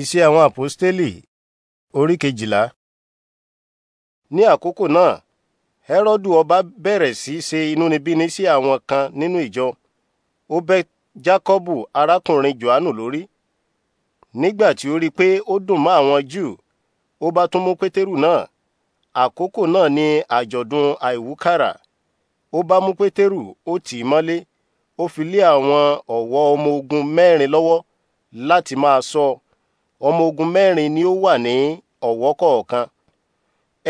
Iṣẹ́ àwọn àpọ́stélì orí kejìlá. Ní àkókò náà, Hẹ́rọ́dù ọba bẹ̀rẹ̀ sí ṣe inúnibíni sí àwọn kan nínú ìjọ. Ó bẹ́ Jákọ́bù arákùnrin Jòhánù lórí. Nígbà tí ó rí i pé ó dùn mọ́ àwọn Júù, ó bá tún mú Pétérù náà. Àkókò náà ni àjọ̀dún àìwúkàrà. Ó bá mú Pétérù, ó tì í mọ́lé. Ó fi lé àwọn ọ̀wọ́ ọmọ ogun mẹ́rin lọ́wọ́ láti máa ṣọ́ ọ ọmọ ogun mẹ́rin ni ó wà ní ọ̀wọ́ kọ̀ọ̀kan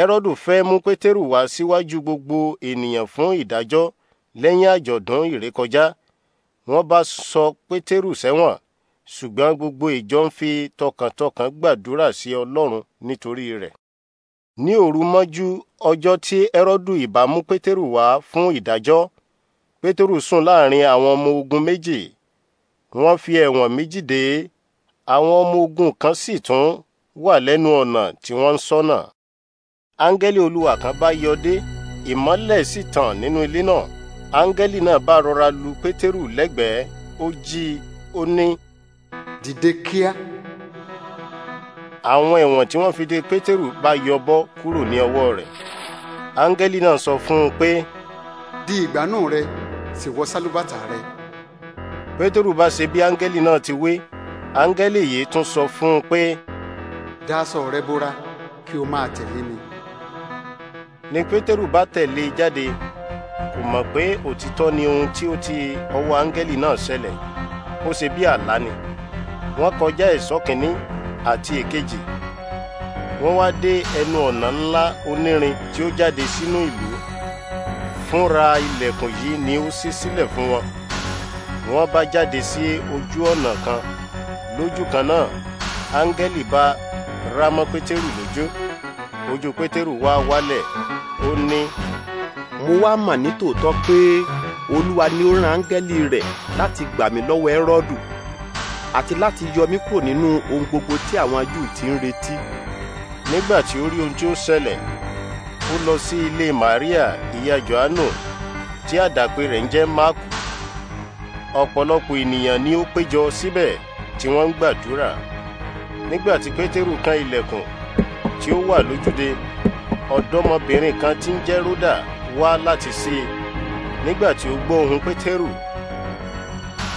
ẹrọ́dù fẹ́ mú pétérù wá síwájú gbogbo ènìyàn fún ìdájọ́ lẹ́yìn àjọ̀dún ìrékọjá wọ́n bá sọ pétérù sẹ́wọ̀n ṣùgbọ́n gbogbo ìjọ ń fi tọkàntọkàn gbàdúrà sí ọlọ́run nítorí rẹ̀ ní òru mọ́jú ọjọ́ tí ẹrọ́dù ìbá mú pétérù wá fún ìdájọ́ pétérù sùn láàrin àwọn ọmọ ogun méjì wọ́n fi ẹ̀wọ̀n méjì dè àwọn ọmọ ogun kan sì tún wà lẹ́nu ọ̀nà tí wọ́n ń ṣọ́nà. áńgẹ́lì olúwa kan bá yọdé ìmọ́lẹ̀ sì tàn nínú ilé náà áńgẹ́lì náà bá rọra lu pétérù lẹ́gbẹ̀ẹ́ ó jí i ó ní. dìde kíá. àwọn ẹ̀wọ̀n tí wọ́n fi de pétérù bá yọbọ́ kúrò ní ọwọ́ rẹ̀ áńgẹ́lì náà sọ fún un pé. di ìgbànú rẹ sì wọ sálúbàtà rẹ. pétérù bá ṣe bí áńgẹ́lì náà ti wí áńgẹ́lì yìí tún sọ fún un pé. dáṣọ rẹ bóra kí o máa tẹ̀lé mi. ni pétérù bá tẹ̀lé e jáde kò mọ̀ pé òtítọ́ ni ohun tí ó ti ọwọ́ áńgẹ́lì náà ṣẹlẹ̀ ó ṣe bí àlá ni wọ́n kọjá ìṣọ́ kìíní àti èkejì wọ́n wá dé ẹnu ọ̀nà ńlá onírin tí ó jáde sínú ìlú fúnra ilẹ̀kùn yìí ni ó ṣí sílẹ̀ fún wọn wọ́n bá jáde sí ojú ọ̀nà kan lójú kan náà áńgẹ́lì bá rá mọ́ pétérù lójú ojú pétérù wá wálẹ̀ ó ní. mo wá mà ní tòótọ́ pé olúwa ni ó rán áńgẹ́lì rẹ̀ láti gbà mí lọ́wọ́ ẹ́rọ́dù àti láti yọ mí kúrò nínú ohun gbogbo tí àwọn Júù ti ń retí. nígbà tí ó rí ohun tí ó ṣẹlẹ̀ ó lọ sí ilé Màríà ìyá Jòhánù tí àdàpè rẹ̀ ń jẹ́ Máàkù ọ̀pọ̀lọpọ̀ ènìyàn ni ó péjọ síbẹ̀ tí wọ́n ń gbàdúrà nígbà tí pétérù kan ilẹ̀kùn tí ó wà lójúde ọ̀dọ́mọbìnrin kan tí ń jẹ́ ródà wá láti ṣe nígbà tí ó gbọ́ ohùn pétérù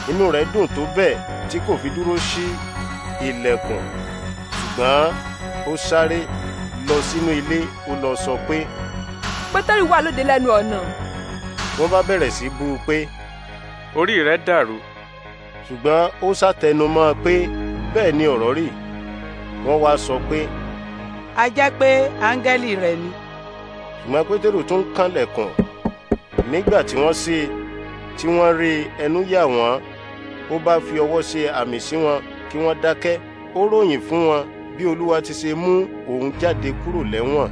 inú rẹ̀ dùn tó bẹ́ẹ̀ tí kò fi dúró sí ilẹ̀kùn ṣùgbọ́n ó sáré lọ sínú ilé ó lọ sọ pé. pétérù wà lóde lẹ́nu ọ̀nà. wọ́n bá bẹ̀rẹ̀ sí bú u pé. orí rẹ̀ dàrú ṣùgbọ́n ó ṣàtẹnumọ́ pé bẹ́ẹ̀ ni ọ̀rọ̀ rí wọ́n wá sọ pé. a jẹ́ pé áńgẹ́lì rẹ̀ ni. ṣùgbọ́n pétérù tún kànlẹ̀kùn nígbà tí wọ́n ṣe tí wọ́n rí ẹnu yà wọ́n ó bá fi ọwọ́ ṣe àmì sí wọn kí wọ́n dákẹ́ ó ròyìn fún wọn bí olúwa ti ṣe mú òun jáde kúrò lẹ́wọ̀n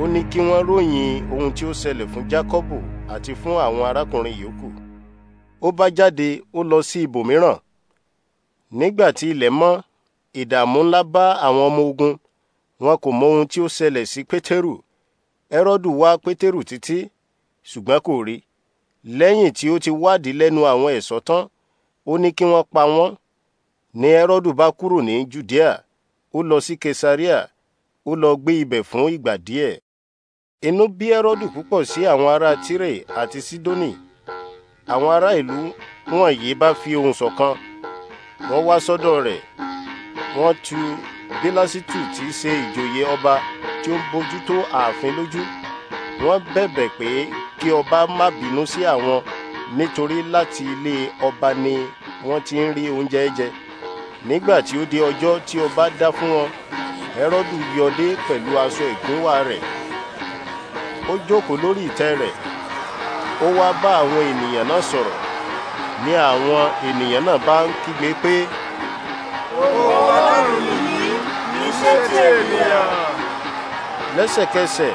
ó ní kí wọ́n ròyìn ohun tí ó ṣẹlẹ̀ fún jákọ́bù àti fún àwọn arákùnrin yòókù ó bá jáde ó lọ sí ibòmíràn nígbà tí ilẹ̀ mọ́ ìdààmú ńlá bá àwọn ọmọ ogun wọn kò mọ ohun tí ó ṣẹlẹ̀ sí pétérù ẹrọ́dù wá pétérù títí ṣùgbọ́n kò rí lẹ́yìn tí ó ti wádìí lẹ́nu àwọn ẹ̀ṣọ́ tán ó ní kí wọ́n pa wọ́n ní ẹrọ́dù bá kúrò ní judea ó lọ sí kesaria ó lọ gbé ibẹ̀ fún ìgbà díẹ̀ inú bí ẹrọ́dù púpọ̀ sí àwọn ará tírè àti sídónì àwọn ará ìlú wọ̀nyí bá fi ohùn ṣọ̀kan wọ́n wá sọ́dọ̀ rẹ̀ wọ́n tú délásítù tí í ṣe ìjòyè ọba tí ó ń bójú tó ààfin lójú wọ́n bẹ̀bẹ̀ pé kí ọba má bínú sí àwọn nítorí láti ilé ọba ni wọ́n ti ń rí oúnjẹ jẹ nígbà tí ó di ọjọ́ tí ọba dá fún wọn Hẹ́rọ́dù yọdé pẹ̀lú aṣọ ìgúnwà rẹ̀ ó jókòó lórí ìtẹ́ rẹ̀ ó wá bá àwọn ènìyàn náà sọ̀rọ̀ ní àwọn ènìyàn náà bá ń kígbe pé. owó ọlọ́run yìí kì í ṣe ti ènìyàn. lẹ́sẹ̀kẹsẹ̀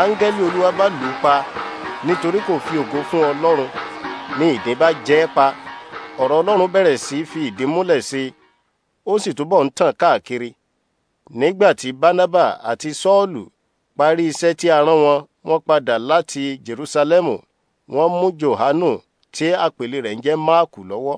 áńgẹ́lì olúwa bá lù ú pa nítorí kò fi ògo fún ọlọ́run ní ìdè bá jẹ́ ẹ́ pa ọ̀rọ̀ ọlọ́run bẹ̀rẹ̀ sí fi ìdí múlẹ̀ sí i ó sì túbọ̀ ń tàn káàkiri nígbà tí bánábà àti sọ́ọ̀lù parí iṣẹ́ tí a rán wọn wọ́n padà láti jerúsálẹ́mù wọ́n mú Jòhánù tí àpèlé rẹ̀ ń jẹ́ Máàkù lọ́wọ́